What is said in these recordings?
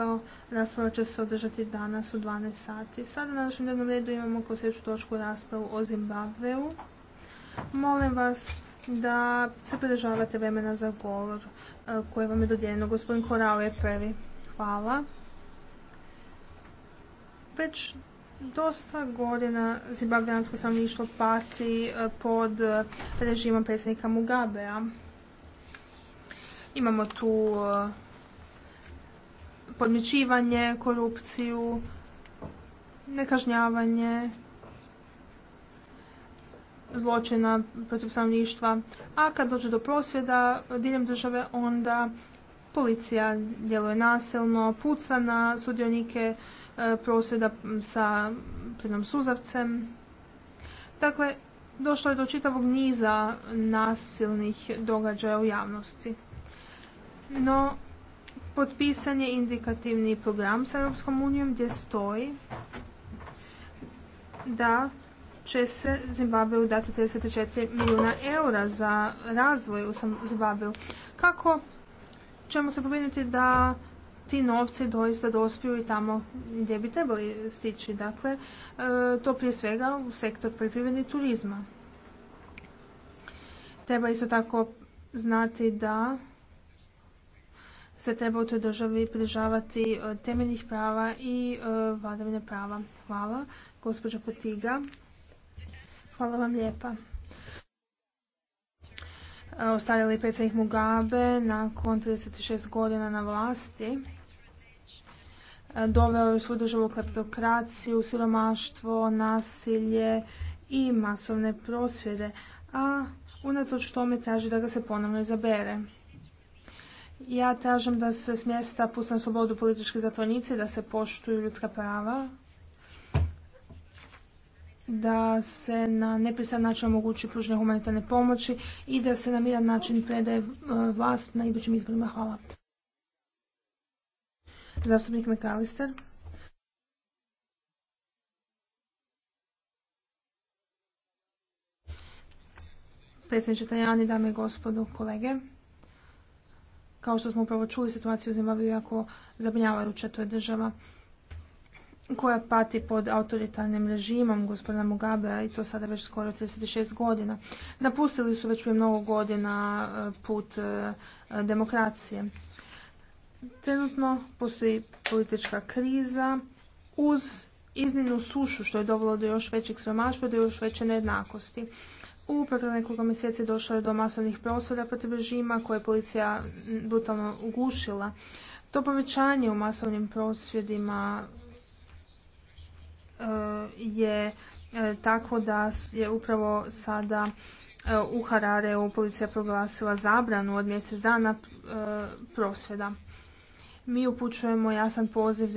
rekao, rasprava će se održati danas u 12 sati. Sada na našem dnevnom redu imamo kao točku raspravu o Zimbabveu. Molim vas da se pridržavate vremena za govor e, koje vam je dodijeljeno. Gospodin Korao je prvi. Hvala. Već dosta godina zimbabvijansko stanovništvo pati e, pod režimom predsjednika Mugabea. Imamo tu e, podmićivanje, korupciju, nekažnjavanje, zločina protiv stanovništva, a kad dođe do prosvjeda diljem države onda policija djeluje nasilno, puca na sudionike e, prosvjeda sa plinom suzavcem. Dakle, došlo je do čitavog niza nasilnih događaja u javnosti. No, potpisan je indikativni program sa Europskom unijom gdje stoji da će se Zimbabveu dati 34 milijuna eura za razvoj u Zimbabveu. Kako ćemo se pobrinuti da ti novci doista dospiju i tamo gdje bi trebali stići. Dakle, e, to prije svega u sektor poljoprivrede turizma. Treba isto tako znati da se treba u toj državi pridržavati e, temeljnih prava i e, vladavine prava. Hvala. Gospođa Potiga, hvala vam lijepa. E, ostavili predsjednik Mugabe nakon 36 godina na vlasti doveo je svu državu kleptokraciju, siromaštvo, nasilje i masovne prosvjede, a unatoč tome traži da ga se ponovno izabere. Ja tražim da se s mjesta puste na slobodu političke zatvornici, da se poštuju ljudska prava, da se na nepristan način omogući pružnje humanitarne pomoći i da se na miran način predaje e, vlast na idućim izborima. Hvala. Zastupnik McAllister. Predsjedniče Tajani, dame i gospodo, kolege. Kao što smo upravo čuli, situaciju u jako zabrinjavajuća. To je država koja pati pod autoritarnim režimom gospodina Mugabea i to sada već skoro 36 godina. Napustili su već prije mnogo godina eh, put eh, demokracije. Trenutno postoji politička kriza uz iznimnu sušu što je dovelo do još većeg sromaštva, do još veće nejednakosti. U protiv nekoliko mjeseci došlo je do masovnih prosvjeda protiv režima koje je policija brutalno ugušila. To povećanje u masovnim prosvjedima eh, je eh, tako da je upravo sada eh, u Harareu policija proglasila zabranu od mjesec dana prosvjeda mi upućujemo jasan poziv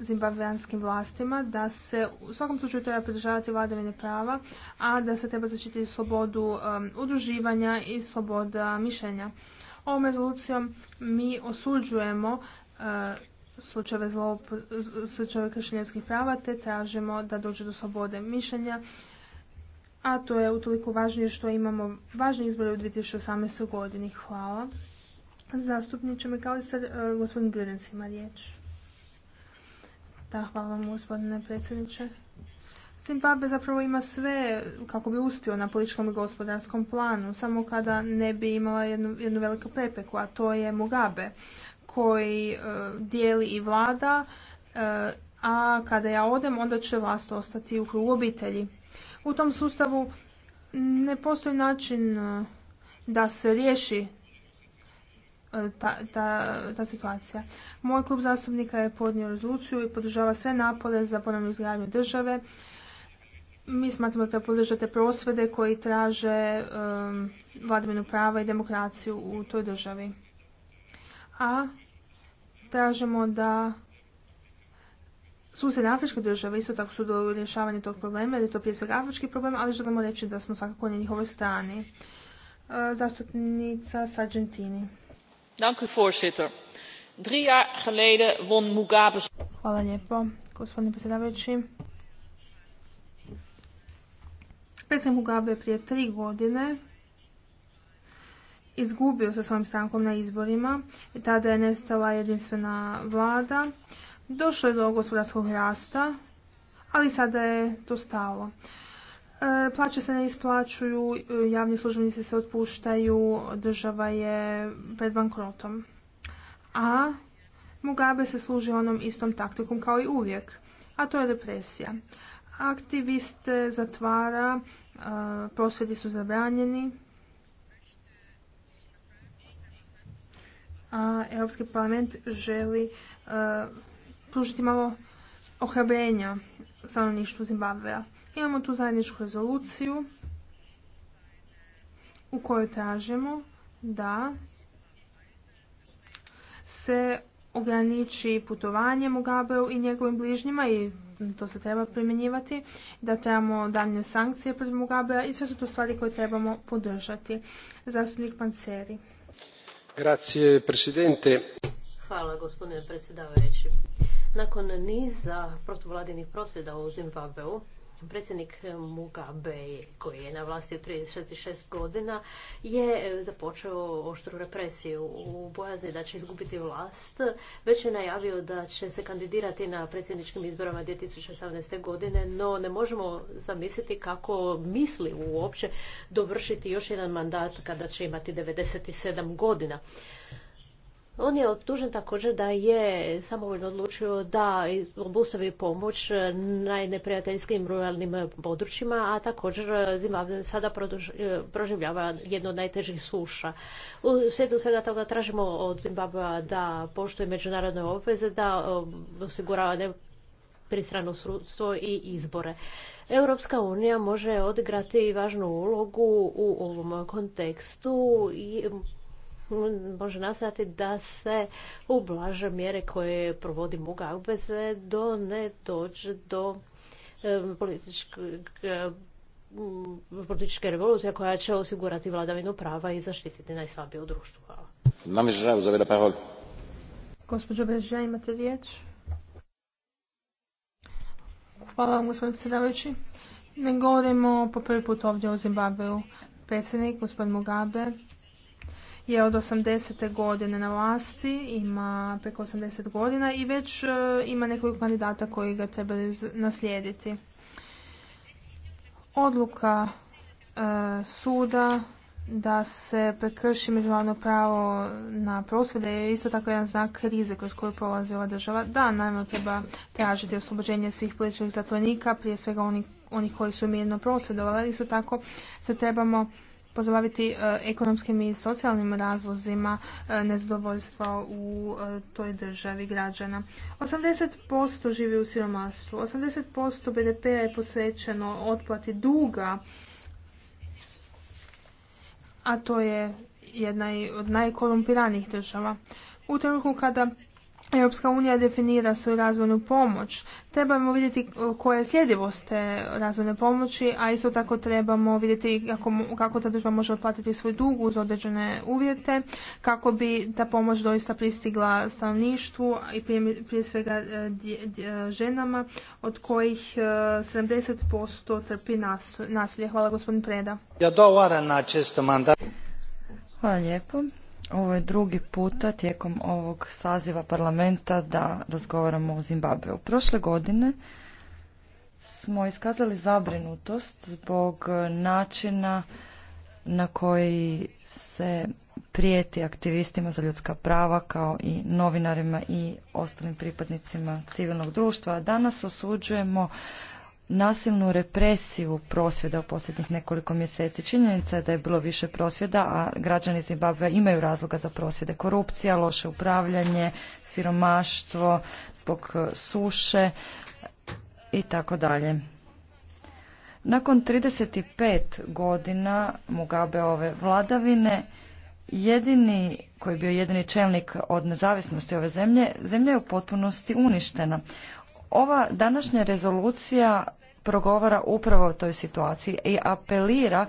zimbabvijanskim vlastima da se u svakom slučaju treba pridržavati vladavine prava, a da se treba zaštititi slobodu um, udruživanja i sloboda mišljenja. Ovom rezolucijom mi osuđujemo uh, slučajeve, slučajeve prava te tražimo da dođe do slobode mišljenja, a to je utoliko važnije što imamo važne izbore u 2018. godini. Hvala. Zastupniče Mikalister, e, gospodin Gürens ima riječ. Da, hvala vam gospodine predsjedniče. Zimbabwe zapravo ima sve kako bi uspio na političkom i gospodarskom planu, samo kada ne bi imala jednu, veliku prepeku, a to je Mugabe, koji e, dijeli i vlada, e, a kada ja odem, onda će vlast ostati u krugu obitelji. U tom sustavu ne postoji način da se riješi ta, situacija. Moj klub zastupnika je podnio rezoluciju i podržava sve napore za ponovnu izgradnju države. Mi smatramo da podržate prosvede koji traže um, vladavinu prava i demokraciju u toj državi. A tražimo da susjedne afričke države isto tako su do rješavanja tog problema, jer je to prije svega afrički problem, ali želimo reći da smo svakako na njihovoj strani. E, zastupnica s jaar mugabe. hvala lijepo gospodine predsjedavajući predsjednik mugabe prije tri godine izgubio sa svojom strankom na izborima i tada je nestala jedinstvena vlada došlo je do gospodarskog rasta ali sada je to stalo E, plaće se ne isplaćuju, e, javni službenici se otpuštaju, država je pred bankrotom. A Mugabe se služi onom istom taktikom kao i uvijek, a to je represija. Aktiviste zatvara, e, prosvjedi su zabranjeni, a Europski parlament želi pružiti malo ohrabrenja stanovništvu Zimbabvea. Imamo tu zajedničku rezoluciju u kojoj tražimo da se ograniči putovanje Mugabeu i njegovim bližnjima i to se treba primjenjivati, da trebamo danje sankcije protiv Mugabea i sve su to stvari koje trebamo podržati. Zastupnik Panceri. Grazie, presidente. Hvala, gospodine predsjedavajući. Nakon niza protuvladinih prosvjeda u Zimbabveu, Predsjednik Mugabe, koji je na vlasti od 36 godina, je e, započeo oštru represiju u bojazni da će izgubiti vlast. Već je najavio da će se kandidirati na predsjedničkim izborama 2018. godine, no ne možemo zamisliti kako misli uopće dovršiti još jedan mandat kada će imati 97 godina. On je optužen također da je samovoljno odlučio da obustavi pomoć najneprijateljskim ruralnim područjima, a također Zimbabwe sada proživljava jedno od najtežih suša. U svijetu svega toga tražimo od Zimbabwe da poštuje međunarodne obveze, da um, osigurava pristrano sudstvo i izbore. Europska unija može odigrati važnu ulogu u ovom kontekstu i može nastojati da se ublaže mjere koje provodi Mugabe sve do ne dođe do e, e, političke revolucije koja će osigurati vladavinu prava i zaštititi najslabije u društvu. Hvala. da parol. Beža, imate riječ? Hvala vam, gospodin predsjedavajući. Ne govorimo po prvi put ovdje o Zimbabveu. Predsjednik, gospodin Mugabe, je od 80. godine na vlasti, ima preko 80 godina i već e, ima nekoliko kandidata koji ga trebaju naslijediti. Odluka e, suda da se prekrši međunarodno pravo na prosvjede je isto tako jedan znak krize kroz koju prolazi ova država. Da, naravno treba tražiti oslobođenje svih političkih zatvorenika, prije svega onih oni koji su mirno prosvjedovali, ali isto tako se trebamo pozabaviti e, ekonomskim i socijalnim razlozima e, nezadovoljstva u e, toj državi građana. 80% živi u siromaštvu, 80% BDP-a je posvećeno otplati duga, a to je jedna od najkorumpiranijih država. U trenutku kada Europska unija definira svoju razvojnu pomoć. Trebamo vidjeti koja je sljedivost te razvojne pomoći, a isto tako trebamo vidjeti kako, kako ta država može otplatiti svoj dug uz određene uvjete, kako bi ta pomoć doista pristigla stanovništvu i prije, svega e, ženama, od kojih 70% e, trpi nasilje. Hvala gospodin Preda. Ja dovaram na često mandat. Hvala lijepo. Ovo je drugi puta tijekom ovog saziva parlamenta da razgovaramo o Zimbabveu. Prošle godine smo iskazali zabrinutost zbog načina na koji se prijeti aktivistima za ljudska prava kao i novinarima i ostalim pripadnicima civilnog društva. Danas osuđujemo nasilnu represiju prosvjeda u posljednjih nekoliko mjeseci. Činjenica je da je bilo više prosvjeda, a građani Zimbabve imaju razloga za prosvjede. Korupcija, loše upravljanje, siromaštvo, zbog e, suše i tako dalje. Nakon 35 godina ove vladavine, jedini koji je bio jedini čelnik od nezavisnosti ove zemlje, zemlja je u potpunosti uništena. Ova današnja rezolucija progovara upravo o toj situaciji i apelira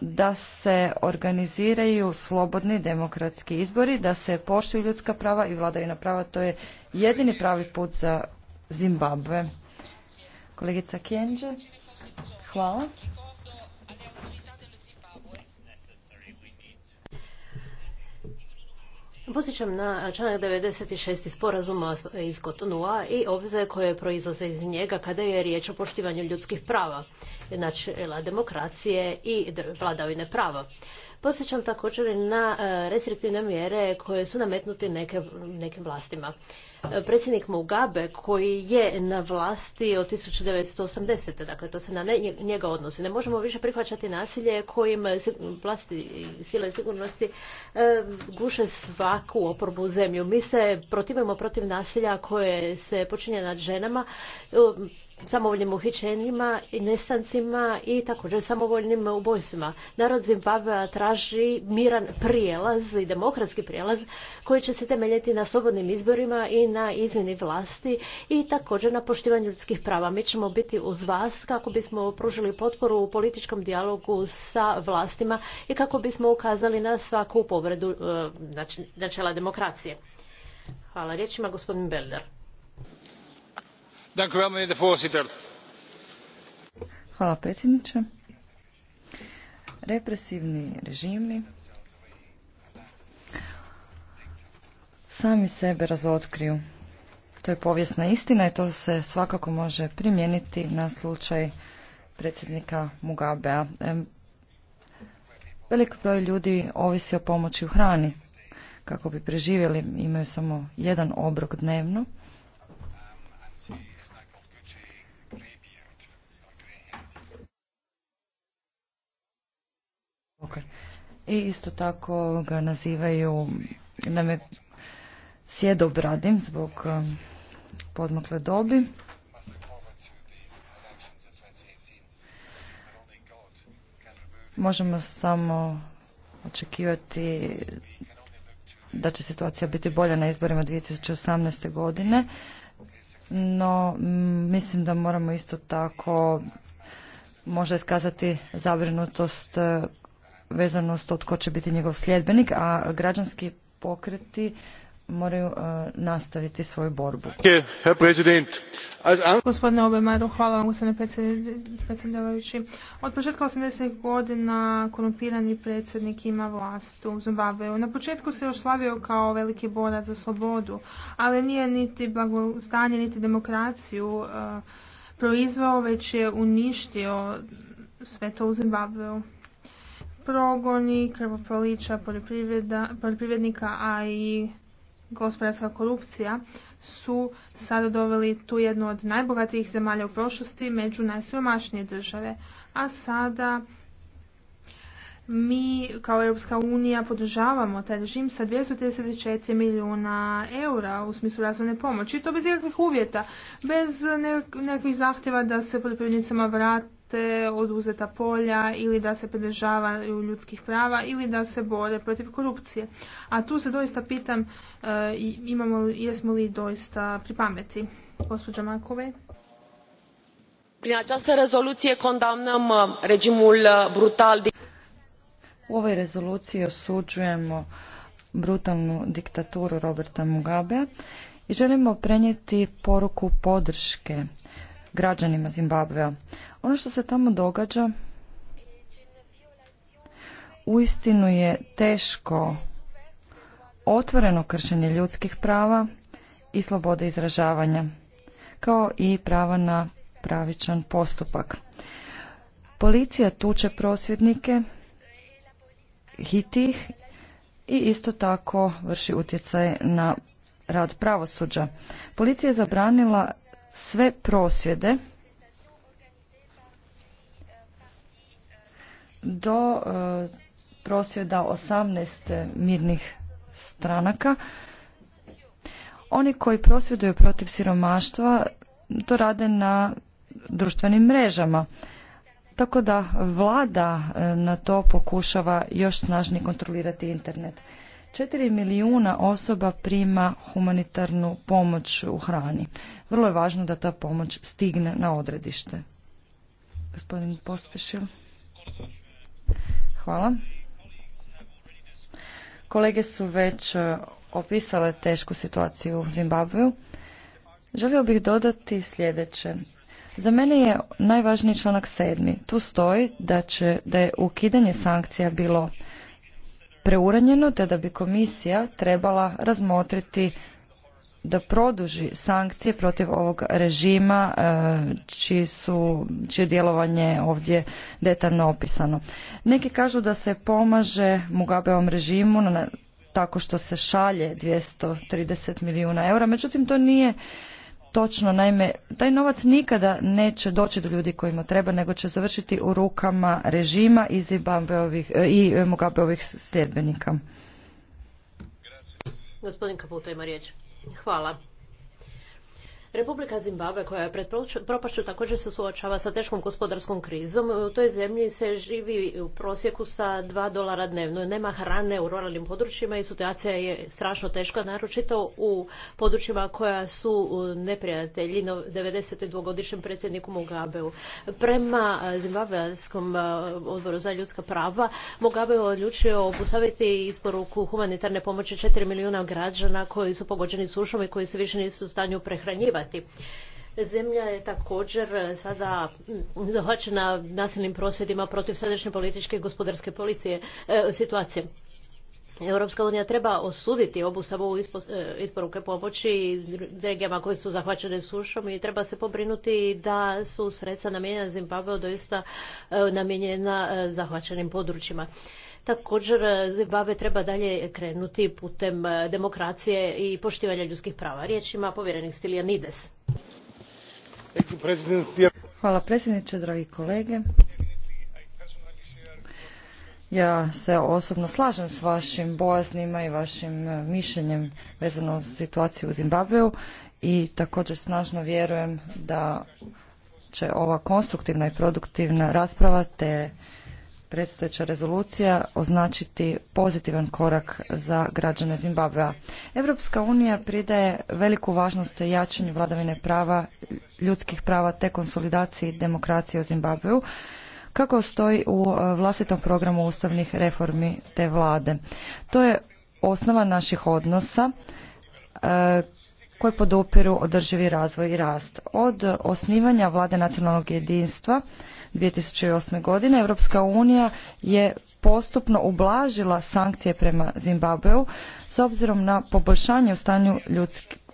da se organiziraju slobodni demokratski izbori, da se poštuju ljudska prava i vladavina prava. To je jedini pravi put za Zimbabwe. Kolegica Kjenđe, hvala. Posjećam na članak 96. sporazuma iz Kotonua i obveze koje proizlaze iz njega kada je riječ o poštivanju ljudskih prava, načela demokracije i vladavine prava. Posjećam također na e, restriktivne mjere koje su nametnute nekim vlastima. E, predsjednik Mugabe koji je na vlasti od 1980. Dakle, to se na njega odnosi. Ne možemo više prihvaćati nasilje kojim vlasti sile sigurnosti e, guše svaku oporbu u zemlju. Mi se protivimo protiv nasilja koje se počinje nad ženama samovoljnim uhićenjima i nestancima i također samovoljnim ubojstvima. Narod Zimbabvea traži miran prijelaz i demokratski prijelaz koji će se temeljiti na slobodnim izborima i na izmjeni vlasti i također na poštivanju ljudskih prava. Mi ćemo biti uz vas kako bismo pružili potporu u političkom dijalogu sa vlastima i kako bismo ukazali na svaku povredu e, znači, načela demokracije. Hvala. Riječ ima gospodin Belder. Hvala predsjedniče. Represivni režimi sami sebe razotkriju. To je povijesna istina i to se svakako može primijeniti na slučaj predsjednika Mugabea. Velik broj ljudi ovisi o pomoći u hrani kako bi preživjeli, imaju samo jedan obrok dnevno i isto tako ga nazivaju nam je sjedobradim zbog um, podmokle dobi. Možemo samo očekivati da će situacija biti bolja na izborima 2018. godine, no mm, mislim da moramo isto tako možda iskazati zabrinutost vezano s to tko će biti njegov sljedbenik, a građanski pokreti moraju e, nastaviti svoju borbu. Gospodine Obemaru, hvala vam gospodine predsjedavajući. Od početka 80. godina korumpirani predsjednik ima vlast u Zimbabwe. Na početku se još slavio kao veliki borac za slobodu, ali nije niti blagostanje, niti demokraciju proizvao, e, proizveo, već je uništio sve to u Zimbabveu progoni krvoprolića poljoprivrednika, a i gospodarska korupcija su sada doveli tu jednu od najbogatijih zemalja u prošlosti među najsiromašnije države. A sada mi kao Europska unija podržavamo taj režim sa 234 milijuna eura u smislu razvojne pomoći. I to bez ikakvih uvjeta, bez nekakvih zahtjeva da se poljoprivrednicama vrati te oduzeta polja ili da se pridržavaju ljudskih prava ili da se bore protiv korupcije. A tu se doista pitam e, imamo, jesmo li doista pri pameti. Gospođa Makove. Prin această rezoluție condamnăm uh, regimul uh, brutal din... U ovoj rezoluciji osuđujemo brutalnu diktaturu Roberta Mugabe i želimo prenijeti poruku podrške građanima Zimbabvea. Ono što se tamo događa uistinu je teško otvoreno kršenje ljudskih prava i slobode izražavanja, kao i prava na pravičan postupak. Policija tuče prosvjednike, hitih i isto tako vrši utjecaj na rad pravosuđa. Policija je zabranila sve prosvjede do e, prosvjeda 18 mirnih stranaka. Oni koji prosvjeduju protiv siromaštva to rade na društvenim mrežama. Tako da vlada e, na to pokušava još snažnije kontrolirati internet. Četiri milijuna osoba prima humanitarnu pomoć u hrani. Vrlo je važno da ta pomoć stigne na odredište. Gospodin Pospešil. Hvala. Kolege su već e, opisale tešku situaciju u Zimbabveu. Želio bih dodati sljedeće. Za mene je najvažniji članak sedmi. Tu stoji da, će, da je ukidanje sankcija bilo preuranjeno te da bi komisija trebala razmotriti da produži sankcije protiv ovog režima e, čije djelovanje ovdje detaljno opisano. Neki kažu da se pomaže Mugabeom režimu tako što se šalje 230 milijuna eura, međutim to nije točno. Naime, taj novac nikada neće doći do ljudi kojima treba, nego će završiti u rukama režima i, e, i Mugabeovih sljedbenika. Gospodin Kaputo ima riječ. Hvala. Republika Zimbabwe koja je pred propašću također se suočava sa teškom gospodarskom krizom. U toj zemlji se živi u prosjeku sa dva dolara dnevno. Nema hrane u ruralnim područjima i situacija je strašno teška, naročito u područjima koja su neprijatelji 92-godišnjem predsjedniku Mugabeu. Prema Zimbabelskom odboru za ljudska prava Mugabe je odlučio obustaviti isporuku humanitarne pomoći 4 milijuna građana koji su pogođeni sušom i koji se više nisu u stanju prehranjivati Zemlja je također sada zahvaćena nasilnim prosvjedima protiv sadašnje političke i gospodarske policije, e, situacije. Europska unija treba osuditi obustavu e, isporuke pomoći regijama koje su zahvaćene sušom i treba se pobrinuti da su sredstva namijenjena Zimbabveu doista e, namijenjena zahvaćenim područjima. Također, e, Zimbabwe treba dalje krenuti putem e, demokracije i poštivanja ljudskih prava. Riječ ima povjerenik Nides. Hvala predsjedniče, dragi kolege. Ja se osobno slažem s vašim bojaznima i vašim e, mišljenjem vezano uz situaciju u Zimbabveu i također snažno vjerujem da će ova konstruktivna i produktivna rasprava te predstojeća rezolucija označiti pozitivan korak za građane Zimbabvea. Europska unija pridaje veliku važnost jačanju vladavine prava, ljudskih prava te konsolidaciji demokracije u Zimbabveu, kako stoji u e, vlastitom programu ustavnih reformi te vlade. To je osnova naših odnosa e, koji podupiru održivi razvoj i rast. Od osnivanja vlade nacionalnog jedinstva 2008. godine Europska unija je postupno ublažila sankcije prema Zimbabveu s obzirom na poboljšanje u stanju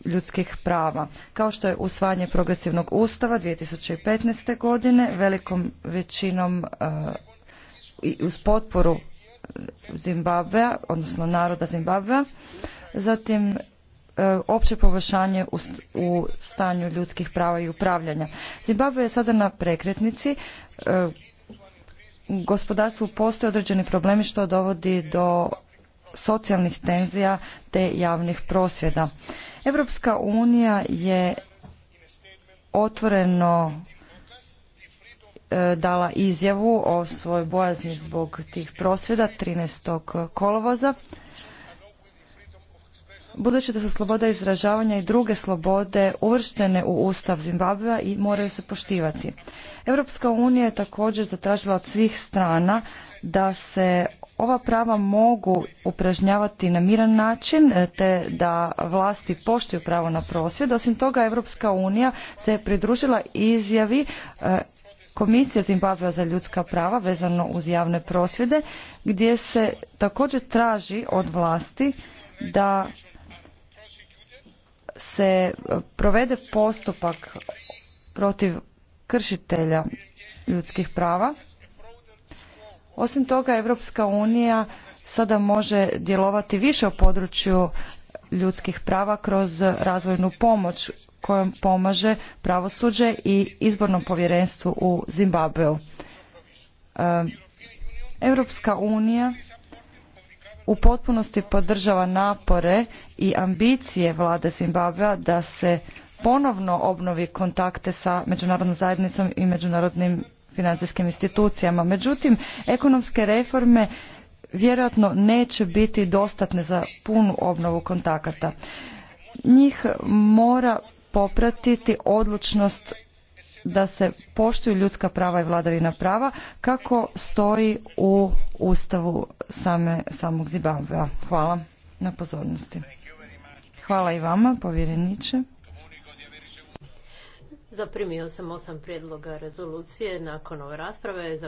ljudskih prava, kao što je usvajanje progresivnog ustava 2015. godine velikom većinom e, i uz potporu Zimbabvea, odnosno naroda Zimbabvea, zatim e, opće poboljšanje u stanju ljudskih prava i upravljanja. Zimbabve je sada na prekretnici u e, gospodarstvu postoje određeni problemi što dovodi do socijalnih tenzija te javnih prosvjeda. Europska unija je otvoreno e, dala izjavu o svojoj bojazni zbog tih prosvjeda 13. kolovoza. Budući da su sloboda izražavanja i druge slobode uvrštene u Ustav Zimbabvea i moraju se poštivati. Europska unija je također zatražila od svih strana da se ova prava mogu upražnjavati na miran način e, te da vlasti poštuju pravo na prosvjed. Osim toga, Europska unija se je pridružila izjavi e, Komisije Zimbabwe za ljudska prava vezano uz javne prosvjede gdje se također traži od vlasti da se provede postupak protiv kršitelja ljudskih prava. Osim toga, Evropska unija sada može djelovati više u području ljudskih prava kroz razvojnu pomoć kojom pomaže pravosuđe i izbornom povjerenstvu u Zimbabveu. Evropska unija u potpunosti podržava napore i ambicije vlade Zimbabvea da se ponovno obnovi kontakte sa međunarodnom zajednicom i međunarodnim financijskim institucijama. Međutim, ekonomske reforme vjerojatno neće biti dostatne za punu obnovu kontakata. Njih mora popratiti odlučnost da se poštuju ljudska prava i vladavina prava kako stoji u ustavu same, samog Zimbabvea. Hvala na pozornosti. Hvala i vama, povjereniče. Zaprimio sam osam prijedloga rezolucije nakon ove rasprave.